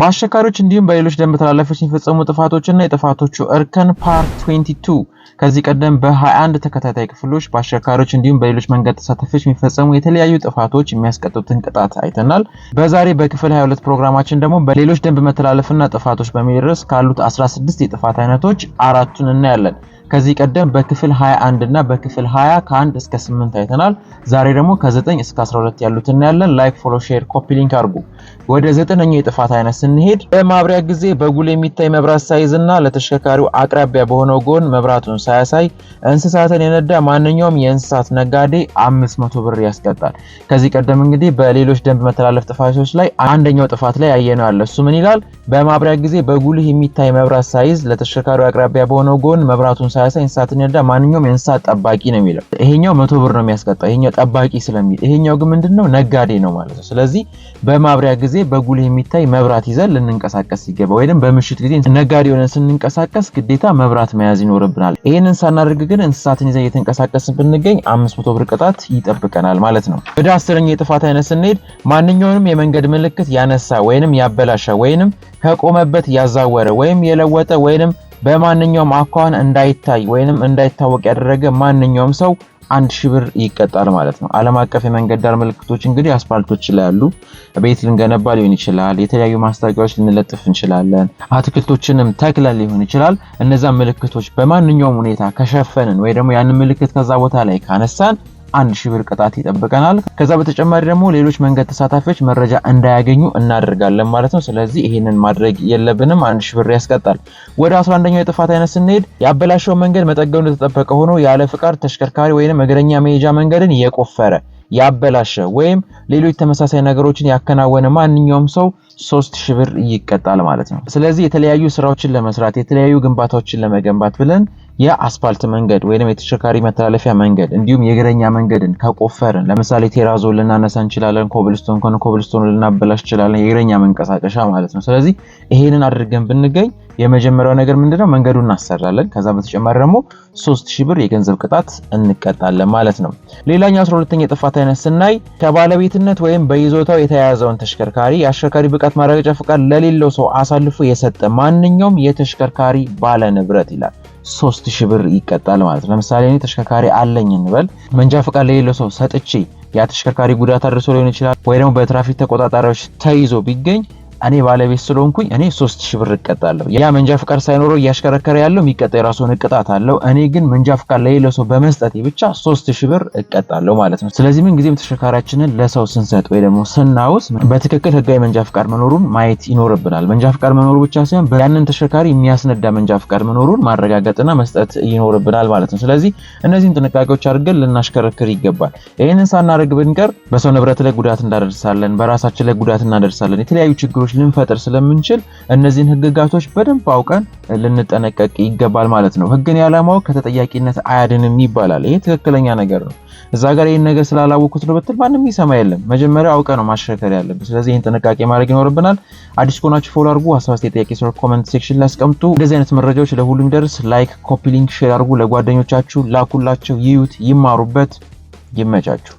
በአሽከርካሪዎች እንዲሁም በሌሎች ደንብ ተላላፊዎች የሚፈጸሙ ጥፋቶችና የጥፋቶቹ እርከን ፓርት 22 ከዚህ ቀደም በ21 ተከታታይ ክፍሎች በአሽከርካሪዎች እንዲሁም በሌሎች መንገድ ተሳታፊዎች የሚፈጸሙ የተለያዩ ጥፋቶች የሚያስቀጡትን ቅጣት አይተናል። በዛሬ በክፍል 22 ፕሮግራማችን ደግሞ በሌሎች ደንብ መተላለፍና ጥፋቶች በሚል ካሉት 16 የጥፋት አይነቶች አራቱን እናያለን። ከዚህ ቀደም በክፍል 21 እና በክፍል 20 ከ1 እስከ 8 አይተናል። ዛሬ ደግሞ ከ9 እስከ 12 ያሉት እናያለን። ላይክ፣ ፎሎ፣ ሼር፣ ኮፒ ሊንክ አድርጉ። ወደ ዘጠነኛው የጥፋት አይነት ስንሄድ በማብሪያ ጊዜ በጉል የሚታይ መብራት ሳይዝ እና ለተሽከርካሪው አቅራቢያ በሆነው ጎን መብራቱን ሳያሳይ እንስሳትን የነዳ ማንኛውም የእንስሳት ነጋዴ 500 ብር ያስቀጣል። ከዚህ ቀደም እንግዲህ በሌሎች ደንብ መተላለፍ ጥፋቶች ላይ አንደኛው ጥፋት ላይ ያየነው አለ። እሱ ምን ይላል? በማብሪያ ጊዜ በጉልህ የሚታይ መብራት ሳይዝ ለተሽከርካሪው አቅራቢያ በሆነው ጎን መብራቱን ሳያሳይ ሰላሳ እንስሳትን ይረዳ ማንኛውም የእንስሳት ጠባቂ ነው የሚለው። ይሄኛው መቶ ብር ነው የሚያስቀጣው፣ ይሄኛው ጠባቂ ስለሚል፣ ይሄኛው ግን ምንድነው ነጋዴ ነው ማለት ነው። ስለዚህ በማብሪያ ጊዜ በጉልህ የሚታይ መብራት ይዘን ልንንቀሳቀስ ሲገባ ወይም በምሽት ጊዜ ነጋዴ ሆነን ስንንቀሳቀስ ግዴታ መብራት መያዝ ይኖርብናል። ይህንን ሳናደርግ ግን እንስሳትን ይዘን እየተንቀሳቀስን ብንገኝ አምስት መቶ ብር ቅጣት ይጠብቀናል ማለት ነው። ወደ አስረኛ የጥፋት አይነት ስንሄድ ማንኛውንም የመንገድ ምልክት ያነሳ ወይንም ያበላሻ ወይንም ከቆመበት ያዛወረ ወይም የለወጠ ወይንም በማንኛውም አኳን እንዳይታይ ወይንም እንዳይታወቅ ያደረገ ማንኛውም ሰው አንድ ሺህ ብር ይቀጣል ማለት ነው። ዓለም አቀፍ የመንገድ ዳር ምልክቶች እንግዲህ አስፓልቶች ላይ ያሉ ቤት ልንገነባ ሊሆን ይችላል፣ የተለያዩ ማስታወቂያዎች ልንለጥፍ እንችላለን፣ አትክልቶችንም ተክለን ሊሆን ይችላል። እነዛን ምልክቶች በማንኛውም ሁኔታ ከሸፈንን ወይ ደግሞ ያንን ምልክት ከዛ ቦታ ላይ ካነሳን አንድ ሺህ ብር ቅጣት ይጠብቀናል። ከዛ በተጨማሪ ደግሞ ሌሎች መንገድ ተሳታፊዎች መረጃ እንዳያገኙ እናደርጋለን ማለት ነው። ስለዚህ ይህንን ማድረግ የለብንም። አንድ ሺህ ብር ያስቀጣል። ወደ 11ኛው የጥፋት አይነት ስንሄድ ያበላሸው መንገድ መጠገኑ እንደተጠበቀ ሆኖ ያለ ፍቃድ ተሽከርካሪ ወይም እግረኛ መሄጃ መንገድን የቆፈረ ያበላሸ ወይም ሌሎች ተመሳሳይ ነገሮችን ያከናወነ ማንኛውም ሰው ሶስት ሺህ ብር ይቀጣል ማለት ነው። ስለዚህ የተለያዩ ስራዎችን ለመስራት የተለያዩ ግንባታዎችን ለመገንባት ብለን የአስፋልት መንገድ ወይም የተሽከርካሪ መተላለፊያ መንገድ እንዲሁም የእግረኛ መንገድን ከቆፈርን ለምሳሌ ቴራዞ ልናነሳ እንችላለን። ኮብልስቶን ከሆነ ኮብልስቶን ልናበላሽ እንችላለን። የእግረኛ መንቀሳቀሻ ማለት ነው። ስለዚህ ይሄንን አድርገን ብንገኝ የመጀመሪያው ነገር ምንድነው? መንገዱን እናሰራለን። ከዛ በተጨማሪ ደግሞ 3000 ብር የገንዘብ ቅጣት እንቀጣለን ማለት ነው። ሌላኛው 12ኛ የጥፋት አይነት ስናይ ከባለቤትነት ወይም በይዞታው የተያያዘውን ተሽከርካሪ የአሽከርካሪ ብቃት ማረጋገጫ ፈቃድ ለሌለው ሰው አሳልፎ የሰጠ ማንኛውም የተሽከርካሪ ባለ ንብረት ይላል 3000 ብር ይቀጣል ማለት ነው። ለምሳሌ እኔ ተሽከርካሪ አለኝ እንበል መንጃ ፈቃድ ለሌለው ሰው ሰጥቼ ያ ተሽከርካሪ ጉዳት አድርሶ ሊሆን ይችላል ወይ ደግሞ በትራፊክ ተቆጣጣሪዎች ተይዞ ቢገኝ እኔ ባለቤት ስለሆንኩኝ እኔ ሶስት ሺህ ብር እቀጣለሁ። ያ መንጃ ፍቃድ ሳይኖረው እያሽከረከረ ያለው የሚቀጣ የራሱን እቅጣት አለው። እኔ ግን መንጃ ፍቃድ ለሌለ ሰው በመስጠት ብቻ ሶስት ሺህ ብር እቀጣለሁ ማለት ነው። ስለዚህ ምን ጊዜም ተሽከርካሪያችንን ለሰው ስንሰጥ ወይ ደግሞ ስናውስ በትክክል ህጋዊ መንጃ ፍቃድ መኖሩን ማየት ይኖርብናል። መንጃ ፍቃድ መኖሩ ብቻ ሳይሆን ያንን ተሽከርካሪ የሚያስነዳ መንጃ ፍቃድ መኖሩን ማረጋገጥና መስጠት ይኖርብናል ማለት ነው። ስለዚህ እነዚህን ጥንቃቄዎች አድርገን ልናሽከረክር ይገባል። ይህንን ሳናደርግ ብንቀር በሰው ንብረት ላይ ጉዳት እንዳደርሳለን፣ በራሳችን ላይ ጉዳት እናደርሳለን። የተለያዩ ችግሮች ልንፈጥር ስለምንችል እነዚህን ህግጋቶች በደንብ አውቀን ልንጠነቀቅ ይገባል ማለት ነው። ህግን ያለማወቅ ከተጠያቂነት አያድንም ይባላል። ይሄ ትክክለኛ ነገር ነው። እዛ ጋር ይህን ነገር ስላላወቅኩት ነው ብትል ማንም ይሰማ የለም። መጀመሪያ አውቀ ነው ማሽከርከር ያለብን። ስለዚህ ይህን ጥንቃቄ ማድረግ ይኖርብናል። አዲስ ከሆናችሁ ፎሎ አድርጉ። ሀሳብ አስተያየት፣ ጥያቄ ሲኖር ኮመንት ሴክሽን ላይ አስቀምጡ። እንደዚህ አይነት መረጃዎች ለሁሉም ደርስ ላይክ፣ ኮፒ ሊንክ፣ ሼር አድርጉ። ለጓደኞቻችሁ ላኩላቸው፣ ይዩት፣ ይማሩበት፣ ይመቻችሁ።